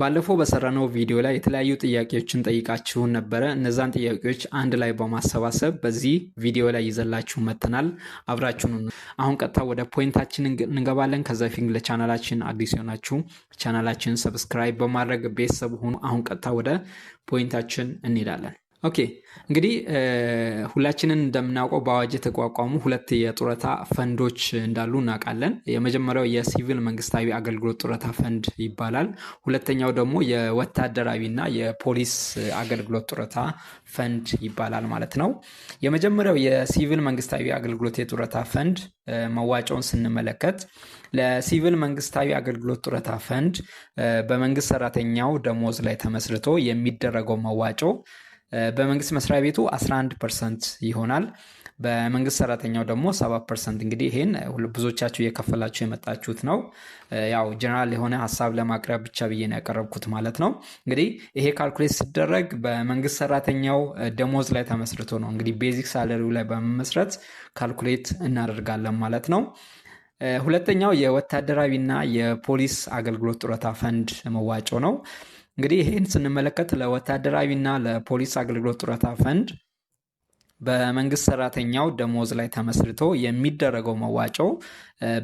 ባለፈው በሰራነው ቪዲዮ ላይ የተለያዩ ጥያቄዎችን ጠይቃችሁን ነበረ። እነዛን ጥያቄዎች አንድ ላይ በማሰባሰብ በዚህ ቪዲዮ ላይ ይዘላችሁ መተናል። አብራችሁን አሁን ቀጥታ ወደ ፖይንታችን እንገባለን። ከዛ ፊት ለቻናላችን አዲስ የሆናችሁ ቻናላችን ሰብስክራይብ በማድረግ ቤተሰብ ሆኑ። አሁን ቀጥታ ወደ ፖይንታችን እንሄዳለን። ኦኬ እንግዲህ ሁላችንን እንደምናውቀው በአዋጅ የተቋቋሙ ሁለት የጡረታ ፈንዶች እንዳሉ እናውቃለን። የመጀመሪያው የሲቪል መንግስታዊ አገልግሎት ጡረታ ፈንድ ይባላል። ሁለተኛው ደግሞ የወታደራዊ ና የፖሊስ አገልግሎት ጡረታ ፈንድ ይባላል ማለት ነው። የመጀመሪያው የሲቪል መንግስታዊ አገልግሎት የጡረታ ፈንድ መዋጮውን ስንመለከት ለሲቪል መንግስታዊ አገልግሎት ጡረታ ፈንድ በመንግስት ሰራተኛው ደሞዝ ላይ ተመስርቶ የሚደረገው መዋጮ በመንግስት መስሪያ ቤቱ 11 ፐርሰንት ይሆናል። በመንግስት ሰራተኛው ደግሞ 7 ፐርሰንት። እንግዲህ ይሄን ብዙዎቻችሁ እየከፈላችሁ የመጣችሁት ነው። ያው ጀነራል የሆነ ሀሳብ ለማቅረብ ብቻ ብዬ ነው ያቀረብኩት ማለት ነው። እንግዲህ ይሄ ካልኩሌት ሲደረግ በመንግስት ሰራተኛው ደሞዝ ላይ ተመስርቶ ነው እንግዲህ ቤዚክ ሳለሪው ላይ በመመስረት ካልኩሌት እናደርጋለን ማለት ነው። ሁለተኛው የወታደራዊና የፖሊስ አገልግሎት ጡረታ ፈንድ መዋጮ ነው። እንግዲህ ይህን ስንመለከት ለወታደራዊና ለፖሊስ አገልግሎት ጡረታ ፈንድ በመንግስት ሰራተኛው ደሞዝ ላይ ተመስርቶ የሚደረገው መዋጮው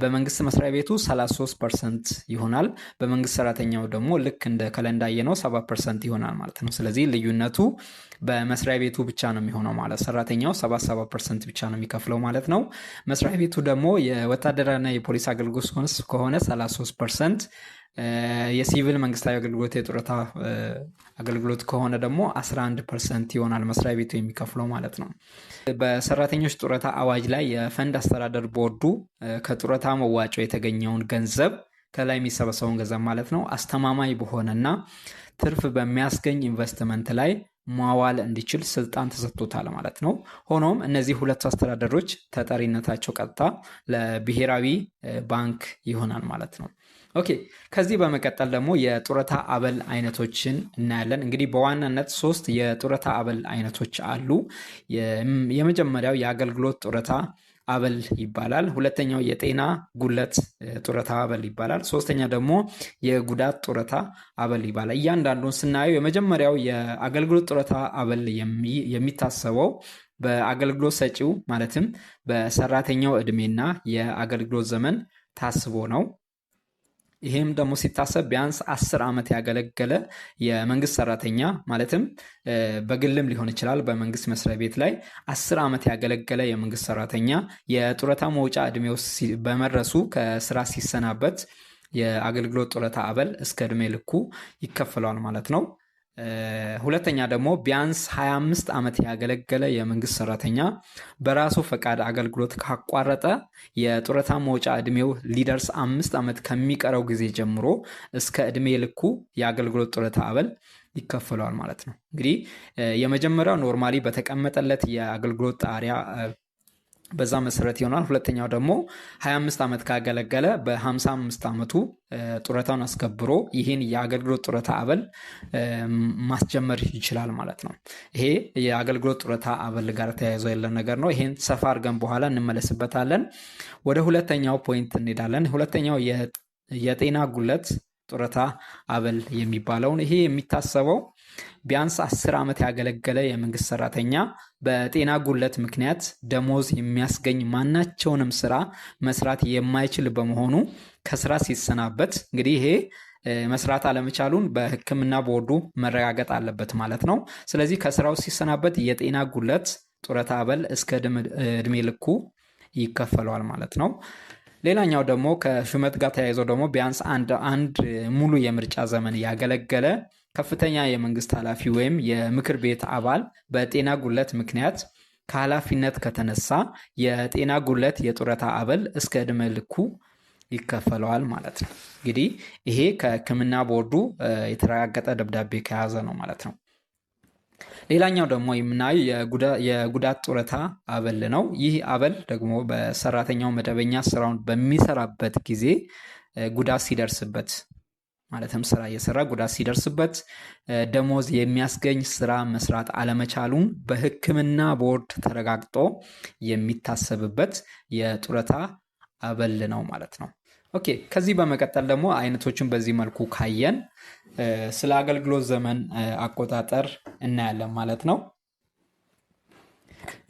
በመንግስት መስሪያ ቤቱ 33 ፐርሰንት ይሆናል። በመንግስት ሰራተኛው ደግሞ ልክ እንደ ከለንዳየ ነው 7 ፐርሰንት ይሆናል ማለት ነው። ስለዚህ ልዩነቱ በመስሪያ ቤቱ ብቻ ነው የሚሆነው ማለት ሰራተኛው 77 ፐርሰንት ብቻ ነው የሚከፍለው ማለት ነው። መስሪያ ቤቱ ደግሞ የወታደራና የፖሊስ አገልግሎት ከሆነ 33 ፐርሰንት የሲቪል መንግስታዊ አገልግሎት የጡረታ አገልግሎት ከሆነ ደግሞ 11 ፐርሰንት ይሆናል መስሪያ ቤቱ የሚከፍለው ማለት ነው። በሰራተኞች ጡረታ አዋጅ ላይ የፈንድ አስተዳደር ቦርዱ ከጡረታ መዋጮ የተገኘውን ገንዘብ ከላይ የሚሰበሰበውን ገንዘብ ማለት ነው አስተማማኝ በሆነና ትርፍ በሚያስገኝ ኢንቨስትመንት ላይ ማዋል እንዲችል ስልጣን ተሰጥቶታል ማለት ነው። ሆኖም እነዚህ ሁለቱ አስተዳደሮች ተጠሪነታቸው ቀጥታ ለብሔራዊ ባንክ ይሆናል ማለት ነው። ኦኬ ከዚህ በመቀጠል ደግሞ የጡረታ አበል አይነቶችን እናያለን። እንግዲህ በዋናነት ሶስት የጡረታ አበል አይነቶች አሉ። የመጀመሪያው የአገልግሎት ጡረታ አበል ይባላል። ሁለተኛው የጤና ጉለት ጡረታ አበል ይባላል። ሶስተኛ ደግሞ የጉዳት ጡረታ አበል ይባላል። እያንዳንዱን ስናየው የመጀመሪያው የአገልግሎት ጡረታ አበል የሚታሰበው በአገልግሎት ሰጪው ማለትም በሰራተኛው እድሜና የአገልግሎት ዘመን ታስቦ ነው። ይሄም ደግሞ ሲታሰብ ቢያንስ አስር ዓመት ያገለገለ የመንግስት ሰራተኛ ማለትም በግልም ሊሆን ይችላል በመንግስት መስሪያ ቤት ላይ አስር ዓመት ያገለገለ የመንግስት ሰራተኛ የጡረታ መውጫ ዕድሜ ውስጥ በመድረሱ ከስራ ሲሰናበት የአገልግሎት ጡረታ አበል እስከ እድሜ ልኩ ይከፈለዋል ማለት ነው። ሁለተኛ ደግሞ ቢያንስ 25 ዓመት ያገለገለ የመንግስት ሰራተኛ በራሱ ፈቃድ አገልግሎት ካቋረጠ የጡረታ መውጫ እድሜው ሊደርስ አምስት ዓመት ከሚቀረው ጊዜ ጀምሮ እስከ እድሜ ልኩ የአገልግሎት ጡረታ አበል ይከፈለዋል ማለት ነው። እንግዲህ የመጀመሪያው ኖርማሊ በተቀመጠለት የአገልግሎት ጣሪያ በዛ መሰረት ይሆናል። ሁለተኛው ደግሞ 25 ዓመት ካገለገለ በ55 ዓመቱ ጡረታውን አስከብሮ ይህን የአገልግሎት ጡረታ አበል ማስጀመር ይችላል ማለት ነው። ይሄ የአገልግሎት ጡረታ አበል ጋር ተያይዞ ያለ ነገር ነው። ይህን ሰፋ አድርገን በኋላ እንመለስበታለን። ወደ ሁለተኛው ፖይንት እንሄዳለን። ሁለተኛው የጤና ጉለት ጡረታ አበል የሚባለውን ይሄ የሚታሰበው ቢያንስ አስር ዓመት ያገለገለ የመንግስት ሰራተኛ በጤና ጉለት ምክንያት ደሞዝ የሚያስገኝ ማናቸውንም ስራ መስራት የማይችል በመሆኑ ከስራ ሲሰናበት እንግዲህ ይሄ መስራት አለመቻሉን በሕክምና ቦርዱ መረጋገጥ አለበት ማለት ነው። ስለዚህ ከስራው ሲሰናበት የጤና ጉለት ጡረታ አበል እስከ እድሜ ልኩ ይከፈለዋል ማለት ነው። ሌላኛው ደግሞ ከሹመት ጋር ተያይዞ ደግሞ ቢያንስ አንድ ሙሉ የምርጫ ዘመን ያገለገለ ከፍተኛ የመንግስት ኃላፊ ወይም የምክር ቤት አባል በጤና ጉለት ምክንያት ከኃላፊነት ከተነሳ የጤና ጉለት የጡረታ አበል እስከ ዕድሜ ልኩ ይከፈለዋል ማለት ነው። እንግዲህ ይሄ ከሕክምና ቦርዱ የተረጋገጠ ደብዳቤ ከያዘ ነው ማለት ነው። ሌላኛው ደግሞ የምናየው የጉዳት ጡረታ አበል ነው። ይህ አበል ደግሞ በሰራተኛው መደበኛ ስራውን በሚሰራበት ጊዜ ጉዳት ሲደርስበት ማለትም ስራ እየሰራ ጉዳት ሲደርስበት ደሞዝ የሚያስገኝ ስራ መስራት አለመቻሉን በሕክምና ቦርድ ተረጋግጦ የሚታሰብበት የጡረታ አበል ነው ማለት ነው። ኦኬ ከዚህ በመቀጠል ደግሞ አይነቶችን በዚህ መልኩ ካየን ስለ አገልግሎት ዘመን አቆጣጠር እናያለን ማለት ነው።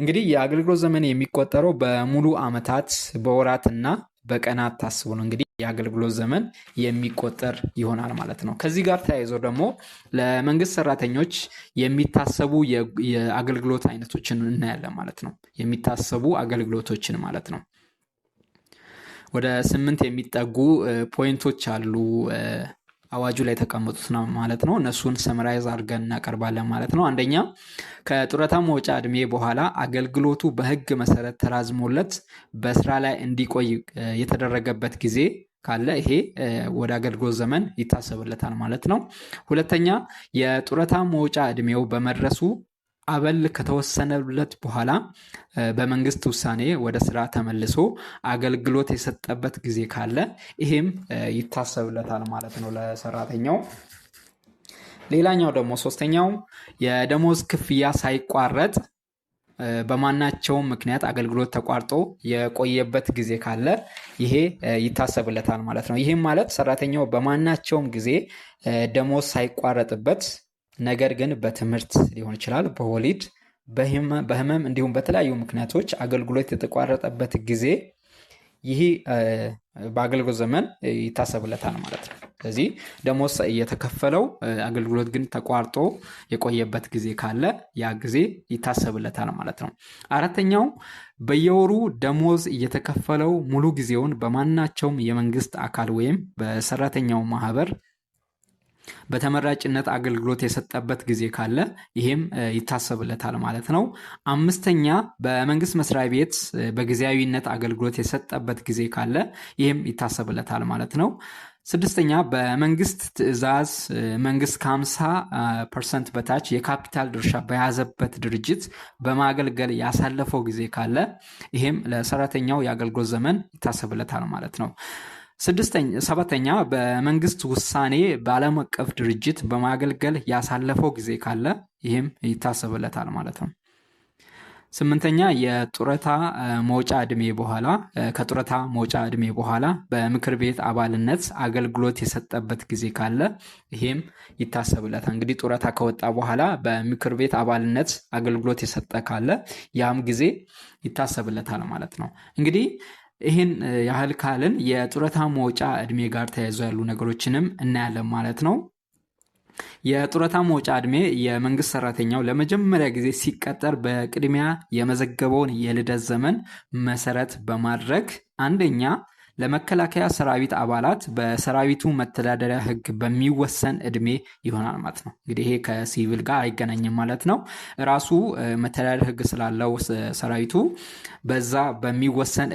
እንግዲህ የአገልግሎት ዘመን የሚቆጠረው በሙሉ ዓመታት በወራትና በቀናት ታስቡ ነው እንግዲህ የአገልግሎት ዘመን የሚቆጠር ይሆናል ማለት ነው። ከዚህ ጋር ተያይዞ ደግሞ ለመንግስት ሰራተኞች የሚታሰቡ የአገልግሎት አይነቶችን እናያለን ማለት ነው። የሚታሰቡ አገልግሎቶችን ማለት ነው። ወደ ስምንት የሚጠጉ ፖይንቶች አሉ አዋጁ ላይ ተቀመጡት ነው ማለት ነው። እነሱን ሰምራይዝ አድርገን እናቀርባለን ማለት ነው። አንደኛ ከጡረታ መውጫ እድሜ በኋላ አገልግሎቱ በህግ መሰረት ተራዝሞለት በስራ ላይ እንዲቆይ የተደረገበት ጊዜ ካለ ይሄ ወደ አገልግሎት ዘመን ይታሰብለታል ማለት ነው። ሁለተኛ የጡረታ መውጫ እድሜው በመድረሱ አበል ከተወሰነለት በኋላ በመንግስት ውሳኔ ወደ ስራ ተመልሶ አገልግሎት የሰጠበት ጊዜ ካለ ይሄም ይታሰብለታል ማለት ነው ለሰራተኛው። ሌላኛው ደግሞ ሶስተኛው የደሞዝ ክፍያ ሳይቋረጥ በማናቸውም ምክንያት አገልግሎት ተቋርጦ የቆየበት ጊዜ ካለ ይሄ ይታሰብለታል ማለት ነው። ይህም ማለት ሰራተኛው በማናቸውም ጊዜ ደሞዝ ሳይቋረጥበት ነገር ግን በትምህርት ሊሆን ይችላል፣ በወሊድ፣ በህመም እንዲሁም በተለያዩ ምክንያቶች አገልግሎት የተቋረጠበት ጊዜ ይህ በአገልግሎት ዘመን ይታሰብለታል ማለት ነው። ስለዚህ ደሞዝ እየተከፈለው አገልግሎት ግን ተቋርጦ የቆየበት ጊዜ ካለ ያ ጊዜ ይታሰብለታል ማለት ነው። አራተኛው በየወሩ ደሞዝ እየተከፈለው ሙሉ ጊዜውን በማናቸውም የመንግስት አካል ወይም በሰራተኛው ማህበር በተመራጭነት አገልግሎት የሰጠበት ጊዜ ካለ ይህም ይታሰብለታል ማለት ነው። አምስተኛ በመንግስት መስሪያ ቤት በጊዜያዊነት አገልግሎት የሰጠበት ጊዜ ካለ ይህም ይታሰብለታል ማለት ነው። ስድስተኛ በመንግስት ትዕዛዝ መንግስት ከ50 ፐርሰንት በታች የካፒታል ድርሻ በያዘበት ድርጅት በማገልገል ያሳለፈው ጊዜ ካለ ይሄም ለሰራተኛው የአገልግሎት ዘመን ይታሰብለታል ማለት ነው። ሰባተኛ በመንግስት ውሳኔ በዓለም አቀፍ ድርጅት በማገልገል ያሳለፈው ጊዜ ካለ ይህም ይታሰብለታል ማለት ነው። ስምንተኛ የጡረታ መውጫ እድሜ በኋላ ከጡረታ መውጫ እድሜ በኋላ በምክር ቤት አባልነት አገልግሎት የሰጠበት ጊዜ ካለ ይሄም ይታሰብለታል። እንግዲህ ጡረታ ከወጣ በኋላ በምክር ቤት አባልነት አገልግሎት የሰጠ ካለ ያም ጊዜ ይታሰብለታል ማለት ነው። እንግዲህ ይህን ያህል ካልን የጡረታ መውጫ እድሜ ጋር ተያይዞ ያሉ ነገሮችንም እናያለን ማለት ነው። የጡረታ መውጫ ዕድሜ የመንግስት ሰራተኛው ለመጀመሪያ ጊዜ ሲቀጠር በቅድሚያ የመዘገበውን የልደት ዘመን መሰረት በማድረግ አንደኛ ለመከላከያ ሰራዊት አባላት በሰራዊቱ መተዳደሪያ ህግ በሚወሰን እድሜ ይሆናል ማለት ነው። እንግዲህ ይሄ ከሲቪል ጋር አይገናኝም ማለት ነው። ራሱ መተዳደሪያ ህግ ስላለው ሰራዊቱ በዛ በሚወሰን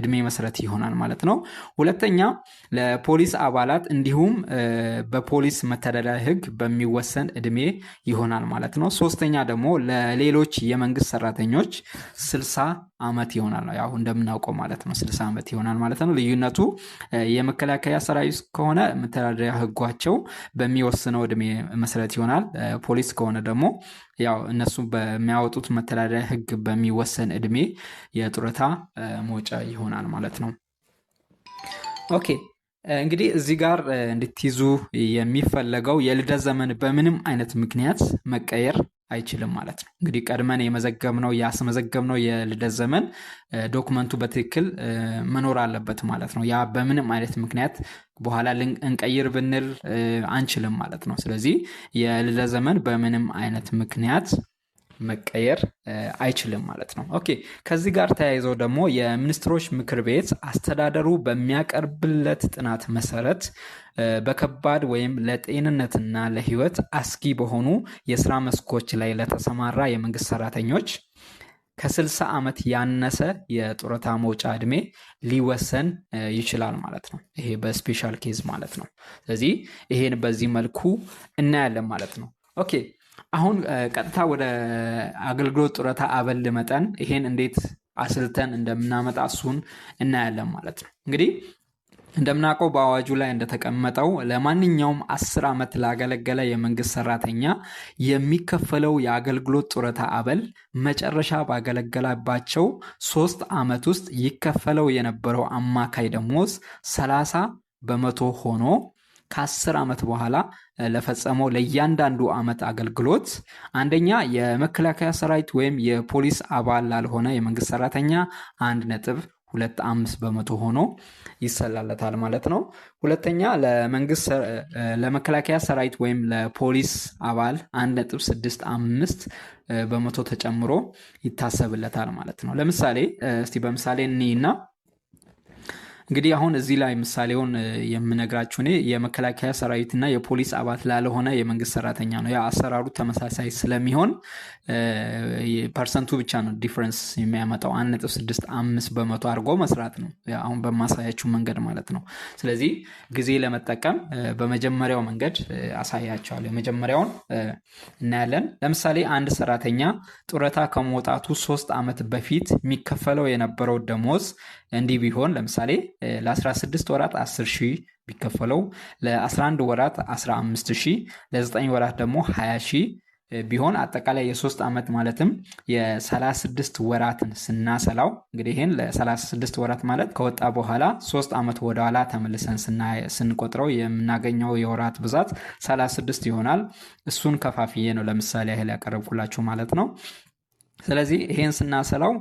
እድሜ መሰረት ይሆናል ማለት ነው። ሁለተኛ ለፖሊስ አባላት እንዲሁም በፖሊስ መተዳደሪያ ህግ በሚወሰን እድሜ ይሆናል ማለት ነው። ሶስተኛ ደግሞ ለሌሎች የመንግስት ሰራተኞች ስልሳ ዓመት ይሆናል ነው ያው እንደምናውቀው ማለት ነው ስልሳ ዓመት ይሆናል ማለት ነው ልዩነቱ የመከላከያ ሰራዊት ከሆነ መተዳደሪያ ህጓቸው በሚወስነው እድሜ መሰረት ይሆናል ፖሊስ ከሆነ ደግሞ ያው እነሱ በሚያወጡት መተዳደሪያ ህግ በሚወሰን እድሜ የጡረታ መውጫ ይሆናል ማለት ነው ኦኬ እንግዲህ እዚህ ጋር እንድትይዙ የሚፈለገው የልደት ዘመን በምንም አይነት ምክንያት መቀየር አይችልም ማለት ነው። እንግዲህ ቀድመን የመዘገብነው ያስመዘገብነው የልደት ዘመን ዶክመንቱ በትክክል መኖር አለበት ማለት ነው። ያ በምንም አይነት ምክንያት በኋላ እንቀይር ብንል አንችልም ማለት ነው። ስለዚህ የልደት ዘመን በምንም አይነት ምክንያት መቀየር አይችልም ማለት ነው። ኦኬ ከዚህ ጋር ተያይዘው ደግሞ የሚኒስትሮች ምክር ቤት አስተዳደሩ በሚያቀርብለት ጥናት መሰረት በከባድ ወይም ለጤንነትና ለሕይወት አስጊ በሆኑ የስራ መስኮች ላይ ለተሰማራ የመንግስት ሰራተኞች ከስልሳ ዓመት ያነሰ የጡረታ መውጫ እድሜ ሊወሰን ይችላል ማለት ነው። ይሄ በስፔሻል ኬዝ ማለት ነው። ስለዚህ ይሄን በዚህ መልኩ እናያለን ማለት ነው። ኦኬ አሁን ቀጥታ ወደ አገልግሎት ጡረታ አበል መጠን ይሄን እንዴት አስልተን እንደምናመጣ እሱን እናያለን ማለት ነው። እንግዲህ እንደምናውቀው በአዋጁ ላይ እንደተቀመጠው ለማንኛውም አስር ዓመት ላገለገለ የመንግስት ሰራተኛ የሚከፈለው የአገልግሎት ጡረታ አበል መጨረሻ ባገለገላባቸው ሶስት ዓመት ውስጥ ይከፈለው የነበረው አማካይ ደሞዝ ሰላሳ በመቶ ሆኖ ከአስር ዓመት በኋላ ለፈጸመው ለእያንዳንዱ ዓመት አገልግሎት አንደኛ የመከላከያ ሰራዊት ወይም የፖሊስ አባል ላልሆነ የመንግስት ሰራተኛ አንድ ነጥብ ሁለት አምስት በመቶ ሆኖ ይሰላለታል ማለት ነው። ሁለተኛ ለመንግስት ለመከላከያ ሰራዊት ወይም ለፖሊስ አባል አንድ ነጥብ ስድስት አምስት በመቶ ተጨምሮ ይታሰብለታል ማለት ነው። ለምሳሌ እስቲ በምሳሌ እንይና እንግዲህ አሁን እዚህ ላይ ምሳሌውን የምነግራችሁ እኔ የመከላከያ ሰራዊትና የፖሊስ አባት ላለሆነ የመንግስት ሰራተኛ ነው። ያ አሰራሩ ተመሳሳይ ስለሚሆን ፐርሰንቱ ብቻ ነው ዲፍረንስ የሚያመጣው አንድ ነጥብ ስድስት አምስት በመቶ አድርጎ መስራት ነው፣ አሁን በማሳያችሁ መንገድ ማለት ነው። ስለዚህ ጊዜ ለመጠቀም በመጀመሪያው መንገድ አሳያቸዋል የመጀመሪያውን እናያለን። ለምሳሌ አንድ ሰራተኛ ጡረታ ከመውጣቱ ሶስት ዓመት በፊት የሚከፈለው የነበረው ደሞዝ እንዲህ ቢሆን ለምሳሌ ለ16 ወራት 10 ሺህ ቢከፈለው ለ11 ወራት 15 ሺህ ለ9 ወራት ደግሞ 20 ሺህ ቢሆን አጠቃላይ የሶስት ዓመት ማለትም የ36 ወራትን ስናሰላው እንግዲህ ይህን ለ36 ወራት ማለት ከወጣ በኋላ ሶስት ዓመት ወደኋላ ተመልሰን ስንቆጥረው የምናገኘው የወራት ብዛት 36 ይሆናል። እሱን ከፋፍዬ ነው ለምሳሌ ያህል ያቀረብኩላችሁ ማለት ነው። ስለዚህ ይህን ስናሰላው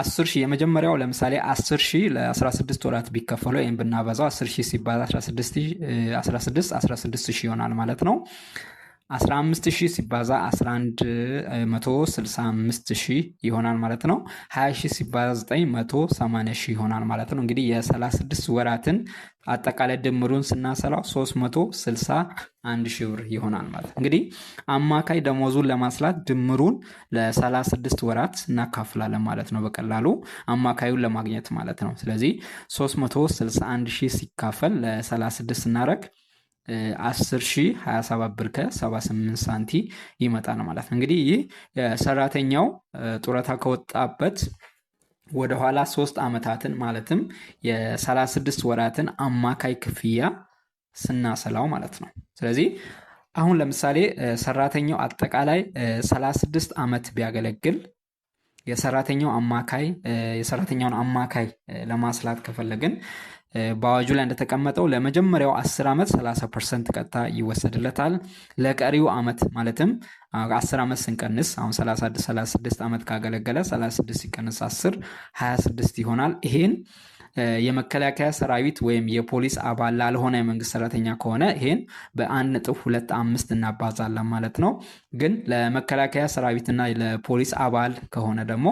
አስር ሺህ የመጀመሪያው ለምሳሌ አስር ሺህ ለ16 ወራት ቢከፈለው ይህም ብናበዛው አስር ሺህ ሲባል 16 ይሆናል ማለት ነው። 15000 ሲባዛ 1165000 ይሆናል ማለት ነው። 20000 ሲባዛ 9 ይሆናል ማለት ነው። እንግዲህ የ36 ወራትን አጠቃላይ ድምሩን ስናሰላው 361 ብር ይሆናል ማለት ነው። እንግዲህ አማካይ ደሞዙን ለማስላት ድምሩን ለ36 ወራት እናካፍላለን ማለት ነው። በቀላሉ አማካዩን ለማግኘት ማለት ነው። ስለዚህ 361 ሺህ ሲካፈል ለ36 እናደረግ 10,027 ብር ከ78 ሳንቲ ይመጣል ማለት ነው። እንግዲህ ይህ ሰራተኛው ጡረታ ከወጣበት ወደኋላ ሶስት አመታትን ማለትም የ36 ወራትን አማካይ ክፍያ ስናሰላው ማለት ነው። ስለዚህ አሁን ለምሳሌ ሰራተኛው አጠቃላይ 36 ዓመት ቢያገለግል የሰራተኛው አማካይ የሰራተኛውን አማካይ ለማስላት ከፈለግን በአዋጁ ላይ እንደተቀመጠው ለመጀመሪያው 10 ዓመት 30 ፐርሰንት ቀጥታ ይወሰድለታል። ለቀሪው ዓመት ማለትም 10 ዓመት ስንቀንስ አሁን 36 ዓመት ካገለገለ 36 ሲቀንስ 10 26 ይሆናል። ይሄን የመከላከያ ሰራዊት ወይም የፖሊስ አባል ላልሆነ የመንግስት ሰራተኛ ከሆነ ይህን በአንድ ነጥብ ሁለት አምስት እናባዛለን ማለት ነው። ግን ለመከላከያ ሰራዊትና ለፖሊስ አባል ከሆነ ደግሞ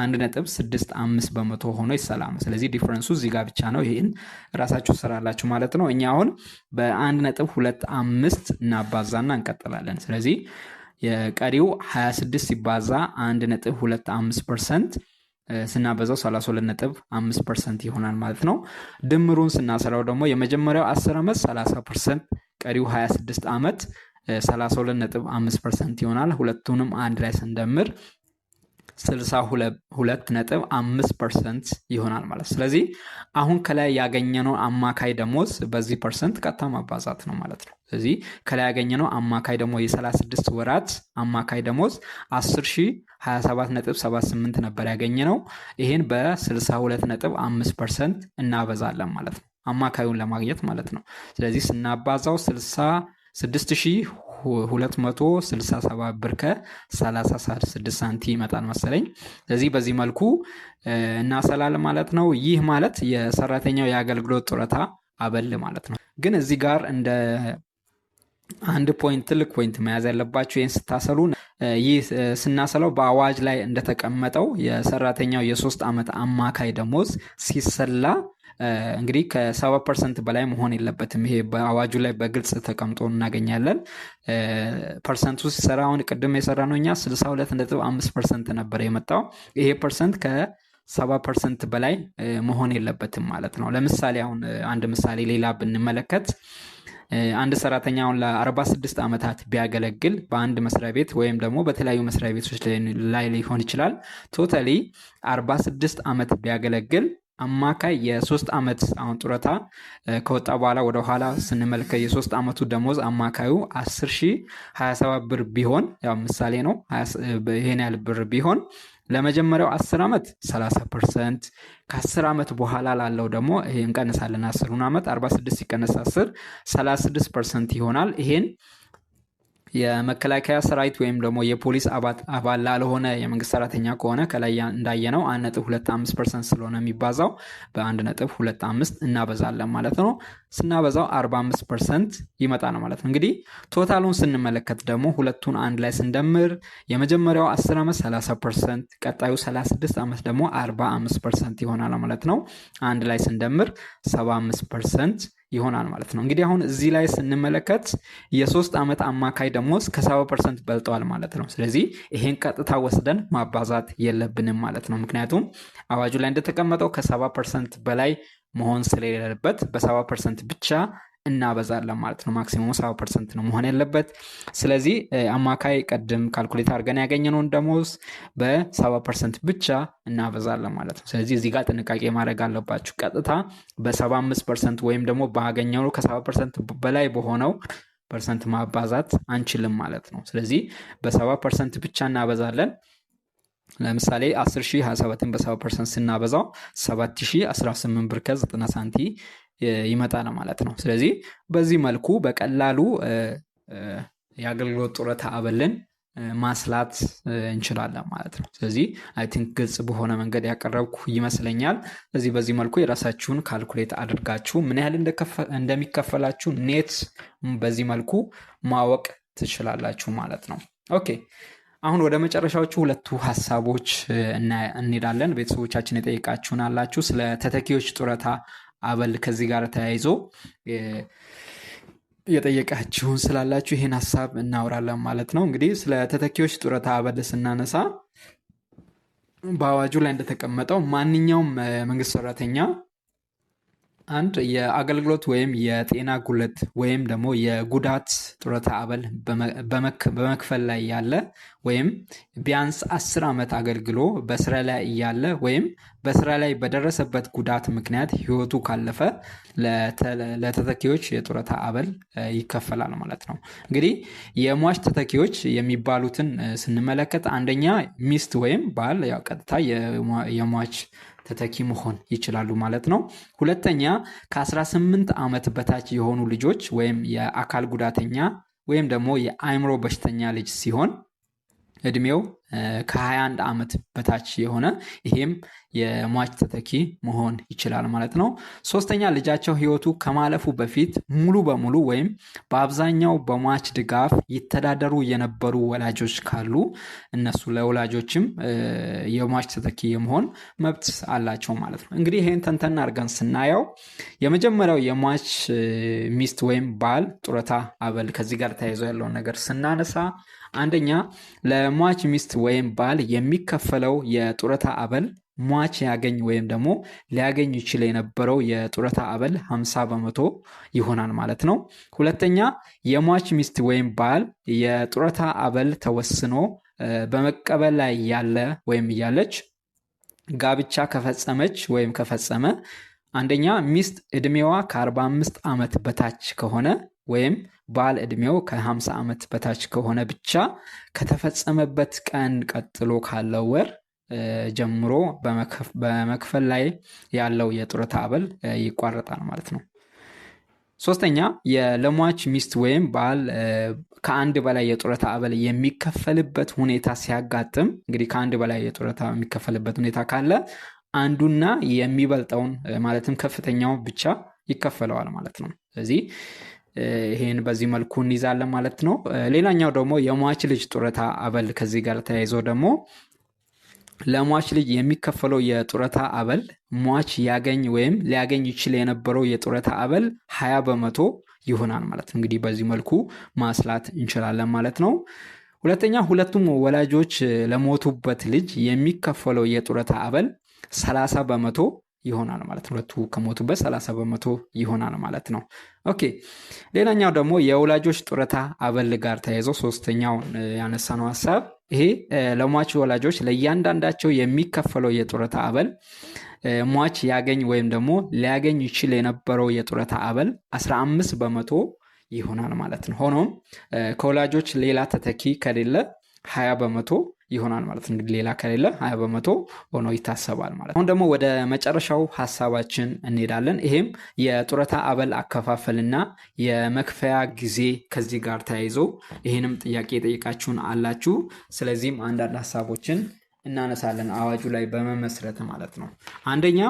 አንድ ነጥብ ስድስት አምስት በመቶ ሆኖ ይሰላም። ስለዚህ ዲፍረንሱ እዚህ ጋር ብቻ ነው። ይህን ራሳችሁ ስራላችሁ ማለት ነው። እኛ አሁን በአንድ ነጥብ ሁለት አምስት እናባዛና እንቀጥላለን። ስለዚህ የቀሪው 26 ሲባዛ 1.25 ፐርሰንት ስናበዛው 32.5 ፐርሰንት ይሆናል ማለት ነው። ድምሩን ስናሰራው ደግሞ የመጀመሪያው 10 ዓመት 30 ፐርሰንት፣ ቀሪው 26 ዓመት 32.5 ፐርሰንት ይሆናል። ሁለቱንም አንድ ላይ ስንደምር 62.5 5 ፐርሰንት ይሆናል ማለት ስለዚህ አሁን ከላይ ያገኘነው አማካይ ደሞዝ በዚህ ፐርሰንት ቀጥታ ማባዛት ነው ማለት ነው ስለዚህ ከላይ ያገኘነው አማካይ ደግሞ የ36 ወራት አማካይ ደሞዝ 10027.78 ነበር ያገኘነው ይህን በ62.5 ፐርሰንት እናበዛለን ማለት ነው አማካዩን ለማግኘት ማለት ነው ስለዚህ ስናባዛው 6 267 ብር ከ36 ሳንቲ ይመጣል መሰለኝ። ስለዚህ በዚህ መልኩ እናሰላል ማለት ነው። ይህ ማለት የሰራተኛው የአገልግሎት ጡረታ አበል ማለት ነው። ግን እዚህ ጋር እንደ አንድ ፖይንት ትልቅ ፖይንት መያዝ ያለባቸው ይህን ስታሰሉ ይህ ስናሰለው በአዋጅ ላይ እንደተቀመጠው የሰራተኛው የሶስት ዓመት አማካይ ደሞዝ ሲሰላ እንግዲህ ከሰባ ፐርሰንት በላይ መሆን የለበትም። ይሄ በአዋጁ ላይ በግልጽ ተቀምጦ እናገኛለን። ፐርሰንቱ ሲሰራ አሁን ቅድም የሰራ ነው እኛ ስልሳ ሁለት ነጥብ አምስት ፐርሰንት ነበር የመጣው ይሄ ፐርሰንት ከ 7 ፐርሰንት በላይ መሆን የለበትም ማለት ነው። ለምሳሌ አሁን አንድ ምሳሌ ሌላ ብንመለከት አንድ ሰራተኛ አሁን ለ ዓመታት ቢያገለግል በአንድ መስሪያ ቤት ወይም ደግሞ በተለያዩ መስሪያ ቤቶች ላይ ሊሆን ይችላል ቶታሊ 46 ዓመት ቢያገለግል አማካይ የሶስት ዓመት አሁን ጡረታ ከወጣ በኋላ ወደ ኋላ ስንመልከ የሶስት ዓመቱ ደሞዝ አማካዩ 10,027 ብር ቢሆን ያው ምሳሌ ነው። ይሄን ያህል ብር ቢሆን ለመጀመሪያው 10 ዓመት 30 ፐርሰንት ከ10 ዓመት በኋላ ላለው ደግሞ ይሄ እንቀንሳለን። 10ሩን ዓመት 46 ሲቀነስ 10 36 ፐርሰንት ይሆናል። ይሄን የመከላከያ ሰራዊት ወይም ደግሞ የፖሊስ አባል ላልሆነ የመንግስት ሰራተኛ ከሆነ ከላይ እንዳየነው 1.25 ፐርሰንት ስለሆነ የሚባዛው በ1.25 እናበዛለን ማለት ነው። ስናበዛው 45 ፐርሰንት ይመጣል ማለት ነው። እንግዲህ ቶታሉን ስንመለከት ደግሞ ሁለቱን አንድ ላይ ስንደምር የመጀመሪያው 10 ዓመት 30 ፐርሰንት፣ ቀጣዩ 36 ዓመት ደግሞ 45 ፐርሰንት ይሆናል ማለት ነው። አንድ ላይ ስንደምር 75 ፐርሰንት ይሆናል ማለት ነው። እንግዲህ አሁን እዚህ ላይ ስንመለከት የሶስት ዓመት አማካይ ደሞዝ ከሰባ ፐርሰንት በልጠዋል ማለት ነው። ስለዚህ ይሄን ቀጥታ ወስደን ማባዛት የለብንም ማለት ነው። ምክንያቱም አዋጁ ላይ እንደተቀመጠው ከሰባ ፐርሰንት በላይ መሆን ስለሌለበት በሰባ ፐርሰንት ብቻ እናበዛለን ማለት ነው። ማክሲሙም ሰባ ፐርሰንት ነው መሆን ያለበት። ስለዚህ አማካይ ቀድም ካልኩሌት አድርገን ያገኘነውን ደሞዝ በሰባ ፐርሰንት ብቻ እናበዛለን ማለት ነው። ስለዚህ እዚህ ጋር ጥንቃቄ ማድረግ አለባችሁ። ቀጥታ በሰባ 75 ፐርሰንት ወይም ደግሞ ከ ከሰባ ፐርሰንት በላይ በሆነው ፐርሰንት ማባዛት አንችልም ማለት ነው። ስለዚህ በሰባ ፐርሰንት ብቻ እናበዛለን። ለምሳሌ 1027 27ን በ7 ፐርሰንት ስናበዛው 7018 ብር ከ90 ሳንቲ ይመጣል ማለት ነው። ስለዚህ በዚህ መልኩ በቀላሉ የአገልግሎት ጡረታ አበልን ማስላት እንችላለን ማለት ነው። ስለዚህ አይ ቲንክ ግልጽ በሆነ መንገድ ያቀረብኩ ይመስለኛል። ስለዚህ በዚህ መልኩ የራሳችሁን ካልኩሌት አድርጋችሁ ምን ያህል እንደሚከፈላችሁ ኔት በዚህ መልኩ ማወቅ ትችላላችሁ ማለት ነው። ኦኬ አሁን ወደ መጨረሻዎቹ ሁለቱ ሀሳቦች እንሄዳለን። ቤተሰቦቻችን የጠየቃችሁን አላችሁ ስለ ተተኪዎች ጡረታ አበል ከዚህ ጋር ተያይዞ የጠየቃችሁን ስላላችሁ ይህን ሀሳብ እናወራለን ማለት ነው። እንግዲህ ስለ ተተኪዎች ጡረታ አበል ስናነሳ በአዋጁ ላይ እንደተቀመጠው ማንኛውም መንግስት ሰራተኛ አንድ የአገልግሎት ወይም የጤና ጉለት ወይም ደግሞ የጉዳት ጡረታ አበል በመክፈል ላይ ያለ ወይም ቢያንስ አስር ዓመት አገልግሎ በስራ ላይ እያለ ወይም በስራ ላይ በደረሰበት ጉዳት ምክንያት ህይወቱ ካለፈ ለተተኪዎች የጡረታ አበል ይከፈላል ማለት ነው። እንግዲህ የሟች ተተኪዎች የሚባሉትን ስንመለከት አንደኛ ሚስት ወይም ባል ያው ቀጥታ የሟች ተተኪ መሆን ይችላሉ ማለት ነው። ሁለተኛ ከ18 ዓመት በታች የሆኑ ልጆች ወይም የአካል ጉዳተኛ ወይም ደግሞ የአእምሮ በሽተኛ ልጅ ሲሆን እድሜው ከ21 ዓመት በታች የሆነ ይሄም የሟች ተተኪ መሆን ይችላል ማለት ነው። ሶስተኛ ልጃቸው ህይወቱ ከማለፉ በፊት ሙሉ በሙሉ ወይም በአብዛኛው በሟች ድጋፍ ይተዳደሩ የነበሩ ወላጆች ካሉ እነሱ ለወላጆችም የሟች ተተኪ የመሆን መብት አላቸው ማለት ነው። እንግዲህ ይህን ተንተን አድርገን ስናየው የመጀመሪያው የሟች ሚስት ወይም ባል ጡረታ አበል ከዚህ ጋር ተያይዞ ያለውን ነገር ስናነሳ አንደኛ ለሟች ሚስት ወይም ባል የሚከፈለው የጡረታ አበል ሟች ያገኝ ወይም ደግሞ ሊያገኝ ይችል የነበረው የጡረታ አበል 50 በመቶ ይሆናል ማለት ነው። ሁለተኛ የሟች ሚስት ወይም ባል የጡረታ አበል ተወስኖ በመቀበል ላይ ያለ ወይም እያለች ጋብቻ ከፈጸመች ወይም ከፈጸመ አንደኛ ሚስት እድሜዋ ከ45 ዓመት በታች ከሆነ ወይም ባል ዕድሜው ከ50 ዓመት በታች ከሆነ ብቻ ከተፈጸመበት ቀን ቀጥሎ ካለው ወር ጀምሮ በመክፈል ላይ ያለው የጡረታ አበል ይቋረጣል ማለት ነው። ሶስተኛ የለሟች ሚስት ወይም ባል ከአንድ በላይ የጡረታ አበል የሚከፈልበት ሁኔታ ሲያጋጥም እንግዲህ ከአንድ በላይ የጡረታ የሚከፈልበት ሁኔታ ካለ አንዱና የሚበልጠውን ማለትም ከፍተኛው ብቻ ይከፈለዋል ማለት ነው። ስለዚህ ይሄን በዚህ መልኩ እንይዛለን ማለት ነው። ሌላኛው ደግሞ የሟች ልጅ ጡረታ አበል ከዚህ ጋር ተያይዞ ደግሞ ለሟች ልጅ የሚከፈለው የጡረታ አበል ሟች ያገኝ ወይም ሊያገኝ ይችል የነበረው የጡረታ አበል ሀያ በመቶ ይሆናል ማለት ነው። እንግዲህ በዚህ መልኩ ማስላት እንችላለን ማለት ነው። ሁለተኛ ሁለቱም ወላጆች ለሞቱበት ልጅ የሚከፈለው የጡረታ አበል ሰላሳ በመቶ ይሆናል ማለት ነው። ሁለቱ ከሞቱበት 30 በመቶ ይሆናል ማለት ነው። ኦኬ ሌላኛው ደግሞ የወላጆች ጡረታ አበል ጋር ተያይዞ ሶስተኛው ያነሳነው ሀሳብ ይሄ ለሟች ወላጆች ለእያንዳንዳቸው የሚከፈለው የጡረታ አበል ሟች ያገኝ ወይም ደግሞ ሊያገኝ ይችል የነበረው የጡረታ አበል 15 በመቶ ይሆናል ማለት ነው። ሆኖም ከወላጆች ሌላ ተተኪ ከሌለ 20 በመቶ ይሆናል ማለት እንግዲህ ሌላ ከሌለ ሀያ በመቶ ሆኖ ይታሰባል ማለት አሁን ደግሞ ወደ መጨረሻው ሀሳባችን እንሄዳለን። ይሄም የጡረታ አበል አከፋፈልና የመክፈያ ጊዜ ከዚህ ጋር ተያይዞ ይህንም ጥያቄ የጠየቃችሁን አላችሁ። ስለዚህም አንዳንድ ሀሳቦችን እናነሳለን አዋጁ ላይ በመመስረት ማለት ነው። አንደኛ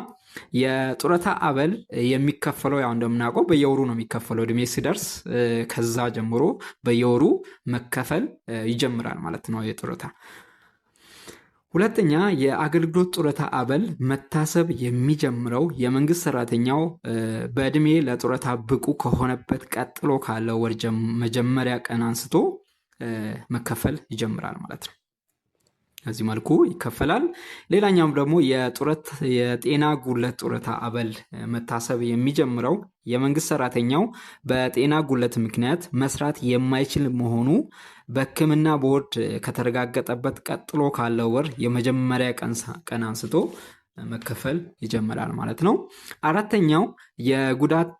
የጡረታ አበል የሚከፈለው ያው እንደምናውቀው በየወሩ ነው የሚከፈለው። እድሜ ሲደርስ ከዛ ጀምሮ በየወሩ መከፈል ይጀምራል ማለት ነው የጡረታ ሁለተኛ የአገልግሎት ጡረታ አበል መታሰብ የሚጀምረው የመንግስት ሰራተኛው በእድሜ ለጡረታ ብቁ ከሆነበት ቀጥሎ ካለ ወር መጀመሪያ ቀን አንስቶ መከፈል ይጀምራል ማለት ነው። በዚህ መልኩ ይከፈላል። ሌላኛውም ደግሞ የጤና ጉለት ጡረታ አበል መታሰብ የሚጀምረው የመንግስት ሰራተኛው በጤና ጉለት ምክንያት መስራት የማይችል መሆኑ በህክምና ቦርድ ከተረጋገጠበት ቀጥሎ ካለው ወር የመጀመሪያ ቀን አንስቶ መከፈል ይጀምራል ማለት ነው። አራተኛው የጉዳት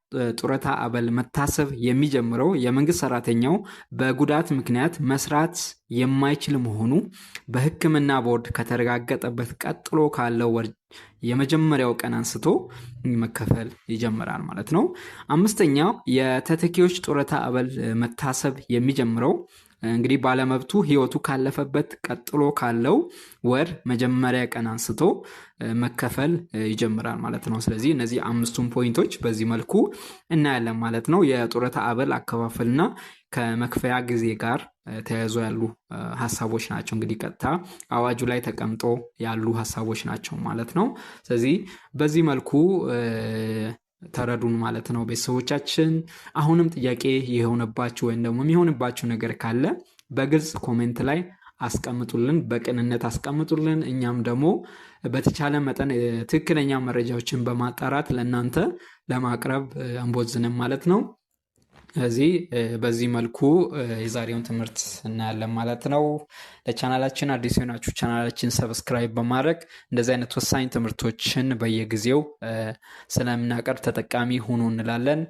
ጡረታ አበል መታሰብ የሚጀምረው የመንግስት ሰራተኛው በጉዳት ምክንያት መስራት የማይችል መሆኑ በህክምና ቦርድ ከተረጋገጠበት ቀጥሎ ካለው ወር የመጀመሪያው ቀን አንስቶ መከፈል ይጀምራል ማለት ነው። አምስተኛው የተተኪዎች ጡረታ አበል መታሰብ የሚጀምረው እንግዲህ ባለመብቱ ህይወቱ ካለፈበት ቀጥሎ ካለው ወር መጀመሪያ ቀን አንስቶ መከፈል ይጀምራል ማለት ነው። ስለዚህ እነዚህ አምስቱን ፖይንቶች በዚህ መልኩ እናያለን ማለት ነው። የጡረታ አበል አከፋፈልና ከመክፈያ ጊዜ ጋር ተያይዞ ያሉ ሀሳቦች ናቸው። እንግዲህ ቀጥታ አዋጁ ላይ ተቀምጦ ያሉ ሀሳቦች ናቸው ማለት ነው። ስለዚህ በዚህ መልኩ ተረዱን ማለት ነው። ቤተሰቦቻችን አሁንም ጥያቄ የሆነባችሁ ወይም ደግሞ የሚሆንባችሁ ነገር ካለ በግልጽ ኮሜንት ላይ አስቀምጡልን፣ በቅንነት አስቀምጡልን። እኛም ደግሞ በተቻለ መጠን ትክክለኛ መረጃዎችን በማጣራት ለእናንተ ለማቅረብ አንቦዝንም ማለት ነው። እዚህ በዚህ መልኩ የዛሬውን ትምህርት እናያለን ማለት ነው። ለቻናላችን አዲስ የሆናችሁ ቻናላችን ሰብስክራይብ በማድረግ እንደዚህ አይነት ወሳኝ ትምህርቶችን በየጊዜው ስለምናቀርብ ተጠቃሚ ሁኑ እንላለን።